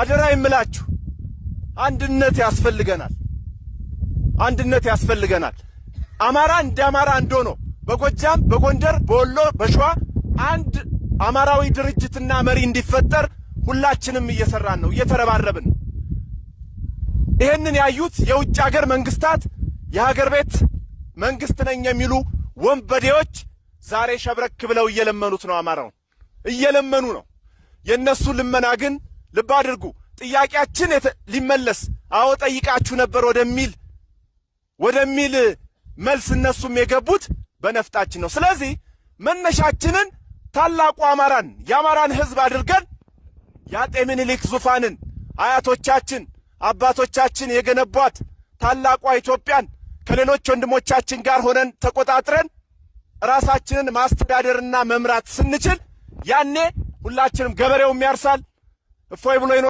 አደራ የምላችሁ አንድነት ያስፈልገናል። አንድነት ያስፈልገናል። አማራ እንደ አማራ አንድ በጎጃም፣ በጎንደር፣ በወሎ፣ በሸዋ አንድ አማራዊ ድርጅትና መሪ እንዲፈጠር ሁላችንም እየሰራን ነው፣ እየተረባረብን ነው። ይህንን ያዩት የውጭ ሀገር መንግስታት፣ የሀገር ቤት መንግስት ነኝ የሚሉ ወንበዴዎች ዛሬ ሸብረክ ብለው እየለመኑት ነው፣ አማራውን እየለመኑ ነው። የእነሱ ልመና ግን ልብ አድርጉ። ጥያቄያችን ሊመለስ አዎ ጠይቃችሁ ነበር ወደሚል ወደሚል መልስ እነሱም የገቡት በነፍጣችን ነው። ስለዚህ መነሻችንን ታላቁ አማራን የአማራን ሕዝብ አድርገን የአጤ ምኒልክ ዙፋንን አያቶቻችን አባቶቻችን የገነቧት ታላቋ ኢትዮጵያን ከሌሎች ወንድሞቻችን ጋር ሆነን ተቆጣጥረን ራሳችንን ማስተዳደርና መምራት ስንችል ያኔ ሁላችንም ገበሬውም ያርሳል Foi, Bruno.